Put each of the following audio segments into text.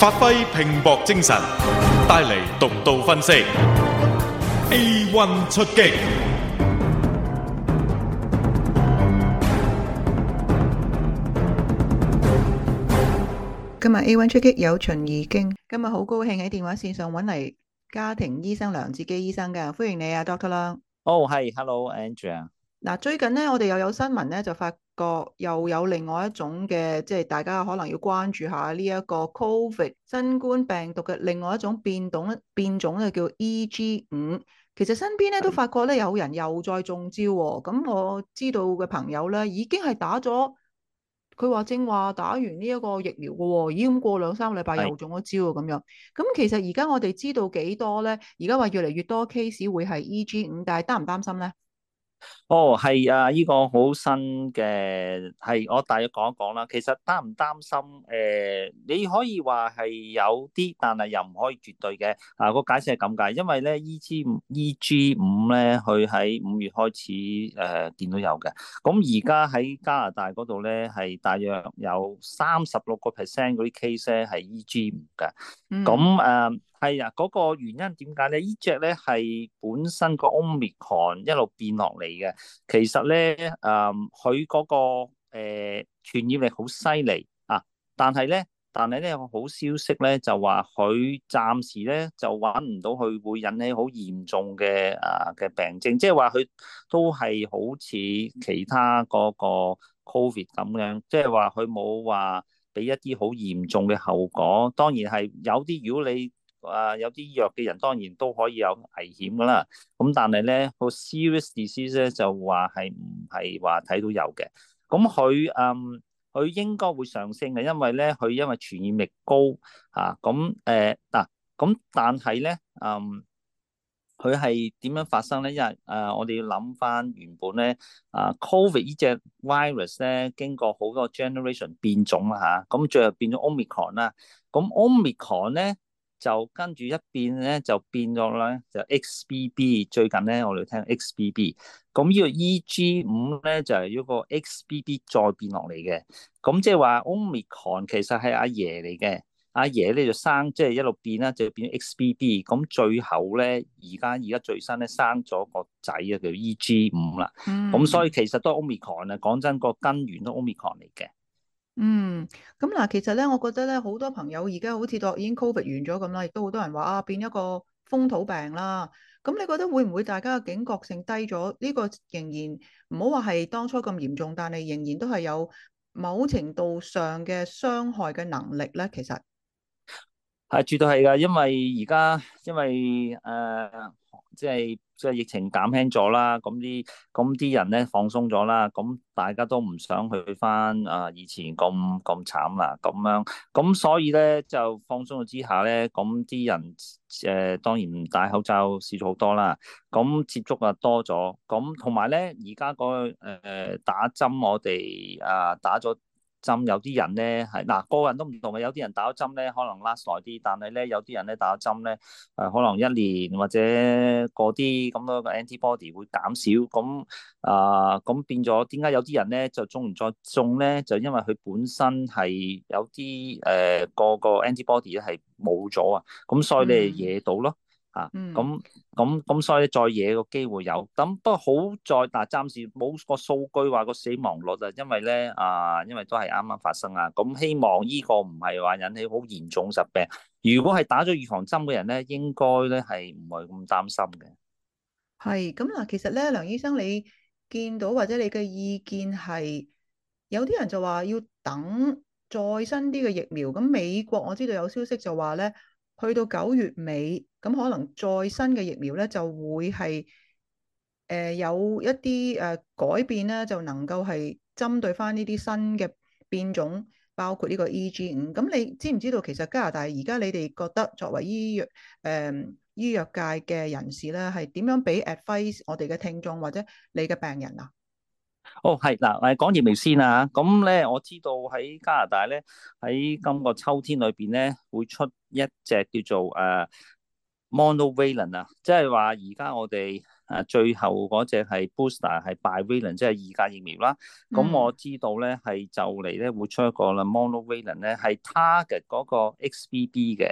發揮拼搏精神，帶嚟獨到分析。A one 出擊，今日 A one 出擊有秦怡經。今日好高興喺電話線上揾嚟家庭醫生梁志基醫生噶，歡迎你啊，doctor 梁。哦，係，hello，Angela。嗱，最近呢，我哋又有新聞咧，就發。個又有另外一種嘅，即係大家可能要關注下呢一個 COVID 新冠病毒嘅另外一種變動變種咧，叫 EG5。其實身邊咧都發覺咧，有人又再中招喎、哦。咁我知道嘅朋友咧，已經係打咗，佢話正話打完呢一個疫苗嘅喎、哦，而咁過兩三個禮拜又中咗招喎咁樣。咁是的 其實而家我哋知道幾多咧？而家話越嚟越多 case 會係 EG5，但係擔唔擔心咧？哦，係、oh, 啊，呢、呢個好新嘅，係我大約講一講啦。其實擔唔擔心？誒、呃，你可以話係有啲，但係又唔可以絕對嘅。啊，個解釋係咁解，因為咧 E G 5, E G 五咧，佢喺五月開始誒、呃、見到有嘅。咁而家喺加拿大嗰度咧，係大約有三十六個 percent 嗰啲 case 咧係 E G 五嘅。咁誒、mm.。呃係啊，嗰個原因點解咧？呢隻咧係本身個 omicron 一路變落嚟嘅，其實咧，誒，佢嗰個誒傳染力好犀利啊！但係咧，但係咧，個好消息咧就話佢暫時咧就揾唔到佢會引起好嚴重嘅啊嘅病症，即係話佢都係好似其他嗰個 covid 咁樣，即係話佢冇話俾一啲好嚴重嘅後果。當然係有啲如果你啊，有啲弱嘅人當然都可以有危險噶啦。咁、嗯、但係咧，個 serious disease 咧就話係唔係話睇到有嘅。咁佢嗯佢、嗯、應該會上升嘅，因為咧佢因為傳染力高嚇。咁誒嗱，咁、啊啊、但係咧，嗯，佢係點樣發生咧？因為誒、呃，我哋要諗翻原本咧，啊，COVID 呢隻 virus 咧，經過好多 generation 變種啦嚇。咁、啊、最後變咗 Omicron 啦、啊。咁 Omicron 咧。就跟住一變咧，就變咗咧，就 XBB。最近咧，我哋聽 XBB。咁呢個 EG 五咧，就係、是、呢個 XBB 再變落嚟嘅。咁即係話 Omicron 其實係阿爺嚟嘅，阿爺咧就生即係、就是、一路變啦，就變 XBB。咁最後咧，而家而家最新咧生咗個仔啊，叫 EG 五啦。咁所以其實都 Omicron 啊，講真個根源都 Omicron 嚟嘅。嗯，咁嗱，其實咧，我覺得咧，好多朋友而家好似都已經 COVID 完咗咁啦，亦都好多人話啊，變一個風土病啦。咁你覺得會唔會大家嘅警覺性低咗？呢個仍然唔好話係當初咁嚴重，但係仍然都係有某程度上嘅傷害嘅能力咧。其實係絕對係噶，因為而家因為誒。呃即係即係疫情減輕咗啦，咁啲咁啲人咧放鬆咗啦，咁大家都唔想去返啊以前咁咁慘啦，咁樣咁所以咧就放鬆咗之下咧，咁啲人誒、呃、當然唔戴口罩少咗好多啦，咁接觸啊多咗，咁同埋咧而家個誒、呃、打針我哋啊打咗針有啲人咧係嗱，個人都唔同嘅，有啲人打針咧可能 last 耐啲，但係咧有啲人咧打針咧誒、啊、可能一年或者過啲咁多個 antibody 會減少，咁啊咁變咗點解有啲人咧就中唔再中咧？就因為佢本身係有啲誒、呃、個個 antibody 咧係冇咗啊，咁所以你係惹到咯。嗯啊，咁咁咁，所以再惹個機會有，咁不過好在，但係暫時冇個數據話個死亡率啊，因為咧啊，因為都係啱啱發生啊，咁希望呢個唔係話引起好嚴重疾病。如果係打咗預防針嘅人咧，應該咧係唔係咁擔心嘅。係，咁嗱，其實咧，梁醫生你見到或者你嘅意見係有啲人就話要等再新啲嘅疫苗。咁美國我知道有消息就話咧，去到九月尾。咁可能再新嘅疫苗咧，就會係誒、呃、有一啲誒、呃、改變咧，就能夠係針對翻呢啲新嘅變種，包括呢個 EG5。咁、嗯、你知唔知道其實加拿大而家你哋覺得作為醫藥誒、呃、醫藥界嘅人士咧，係點樣俾 advice 我哋嘅聽眾或者你嘅病人啊？哦，係嗱，講疫苗先啊！咁咧，我知道喺加拿大咧，喺今個秋天裏邊咧，會出一隻叫做誒。呃 Monovalent 啊，即係話而家我哋誒最後嗰隻係 Booster 係 bivalent 即係二價疫苗啦。咁、mm. 我知道咧係就嚟咧，會出一個啦，Monovalent 咧係 target 嗰個 XBB 嘅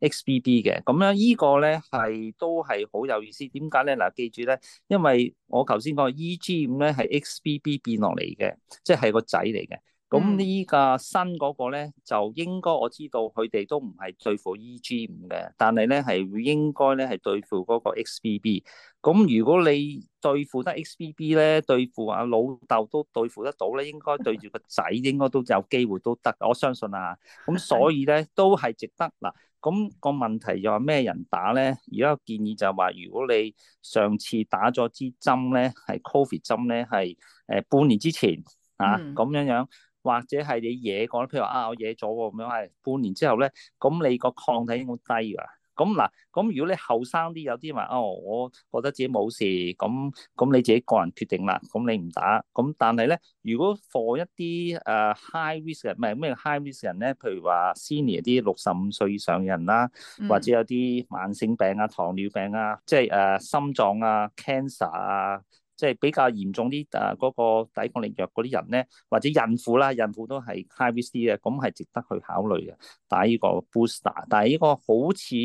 XBB 嘅。咁咧呢個咧係都係好有意思。點解咧嗱？記住咧，因為我頭先講 EG5 咧係 XBB 變落嚟嘅，即、就、係、是、個仔嚟嘅。咁呢個新嗰個咧，就應該我知道佢哋都唔係對付 EG5 嘅，但係咧係應該咧係對付嗰個 XBB。咁如果你對付得 XBB 咧，對付阿老豆都對付得到咧，應該對住個仔應該都有機會都得，我相信啊。咁所以咧都係值得嗱。咁個問題就話咩人打咧？而家個建議就係話，如果你上次打咗支針咧，係 Covid 針咧，係誒半年之前啊咁樣樣。或者係你嘢過譬如話啊，我嘢咗喎，咁樣係半年之後咧，咁你個抗體應該低㗎、啊。咁嗱，咁如果你後生啲，有啲話哦，我覺得自己冇事，咁咁你自己個人決定啦。咁你唔打，咁但係咧，如果 for 一啲誒、uh, high risk 唔係咩咩 high risk 人咧，譬如話 senior 啲六十五歲以上人啦、啊，嗯、或者有啲慢性病啊、糖尿病啊、即係誒、uh, 心臟啊、cancer 啊。即係比較嚴重啲啊！嗰個抵抗力弱嗰啲人咧，或者孕婦啦，孕婦都係 high risk 嘅，咁係值得去考慮嘅，但打呢個 booster。但係呢個好似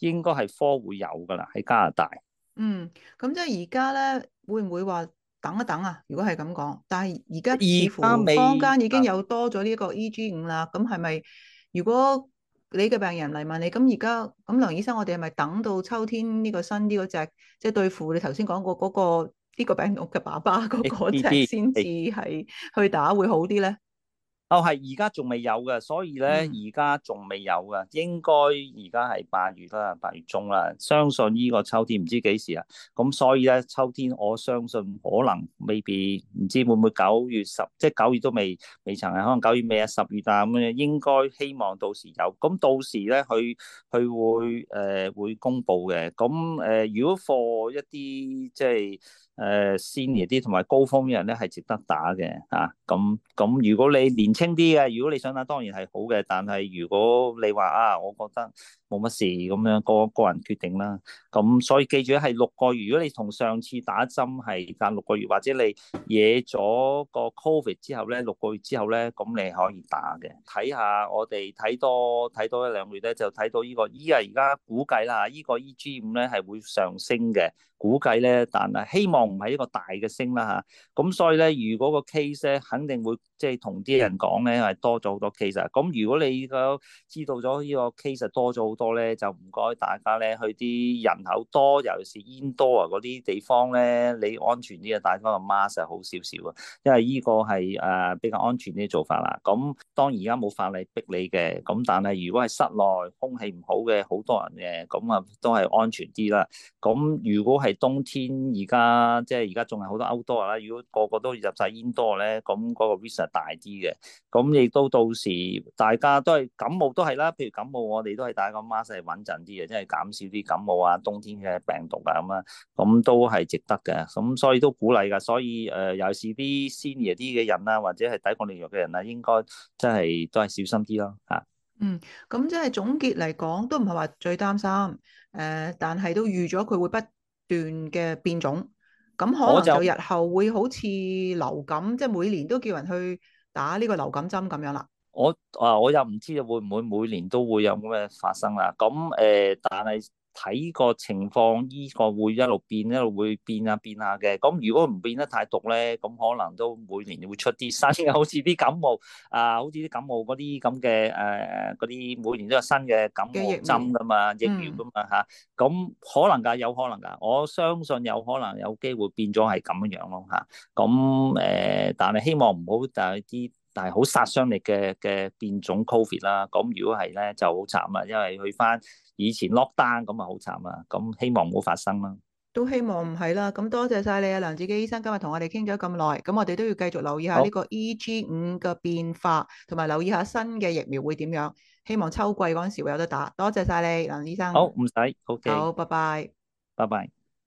應該係 fall 會有㗎啦，喺加拿大。嗯，咁即係而家咧，會唔會話等一等啊？如果係咁講，但係而家似乎坊間已經有多咗呢個 E G 五啦。咁係咪？如果你嘅病人嚟問你，咁而家咁梁醫生，我哋係咪等到秋天呢個新啲嗰隻，即係對付你頭先講過嗰個？呢個病毒嘅爸爸嗰隻即係先至係去打會好啲咧。哦，係，而家仲未有嘅，所以咧而家仲未有㗎，應該而家係八月啦，八月中啦，相信呢個秋天唔知幾時啊。咁所以咧秋天，我相信可能未必唔知會唔會九月十，即係九月都未未曾啊，可能九月尾啊，十月啊咁樣，應該希望到時有。咁到時咧，佢佢會誒會公布嘅。咁誒，如果貨一啲即係。誒 senior 啲同埋高風險人咧係值得打嘅吓。咁咁如果你年青啲嘅，如果你想打當然係好嘅，但係如果你話啊，我覺得。冇乜事咁樣，個個人決定啦，咁所以記住係六個月。如果你同上次打針係隔六個月，或者你惹咗個 covid 之後咧，六個月之後咧，咁你可以打嘅。睇下，我哋睇多睇多一兩個月咧，就睇到呢個依、e, 啊。而家估計啦，呢個 E G 五咧係會上升嘅，估計咧，但係希望唔係一個大嘅升啦吓。咁、啊、所以咧，如果個 case 咧，肯定會即係同啲人講咧係多咗好多 case。啊。咁如果你個知道咗呢個 case 多咗多咧，就唔該大家咧，去啲人口多，尤其是 indoor 啊嗰啲地方咧，你安全啲啊，戴翻個 mask 好少少啊，因為呢個係誒比較安全啲做法啦。咁當然而家冇法例逼你嘅，咁但係如果係室內空氣唔好嘅，好多人嘅，咁啊都係安全啲啦。咁如果係冬天，而家即係而家仲係好多 outdoor 啦，如果個個都入晒 indoor 咧，咁嗰個 risk 係大啲嘅。咁亦都到時大家都係感冒都係啦，譬如感冒我哋都係戴個。馬勢穩陣啲嘅，即係減少啲感冒啊、冬天嘅病毒啊咁啊，咁都係值得嘅，咁所以都鼓勵噶。所以誒，尤其啲 senior 啲嘅人啊，或者係抵抗力弱嘅人啊，應該真係都係小心啲咯嚇。嗯，咁即係總結嚟講，都唔係話最擔心誒、呃，但係都預咗佢會不斷嘅變種，咁可能就日後會好似流感，即係每年都叫人去打呢個流感針咁樣啦。我啊，我又唔知道會唔會每年都會有咁嘅發生啦。咁誒，但係睇個情況，依個會一路變，一路會變啊變下嘅。咁如果唔變得太毒咧，咁可能都每年都會出啲新嘅，好似啲感冒啊，好似啲感冒嗰啲咁嘅誒嗰啲，每年都有新嘅感冒針㗎嘛，疫苗㗎嘛嚇。咁可能㗎，有可能㗎。我相信有可能有機會變咗係咁樣咯吓，咁誒，但係希望唔好就係啲，係好殺傷力嘅嘅變種 COVID 啦，咁如果係咧就好慘啦，因為去翻以前 lock down 咁啊好慘啊，咁希望唔好發生啦，都希望唔係啦。咁多謝曬你啊，梁子基醫生，今日同我哋傾咗咁耐，咁我哋都要繼續留意下呢個 EG5 嘅變化，同埋留意下新嘅疫苗會點樣，希望秋季嗰陣時會有得打。多謝曬你，梁醫生。好，唔使，OK。好，拜拜。拜拜。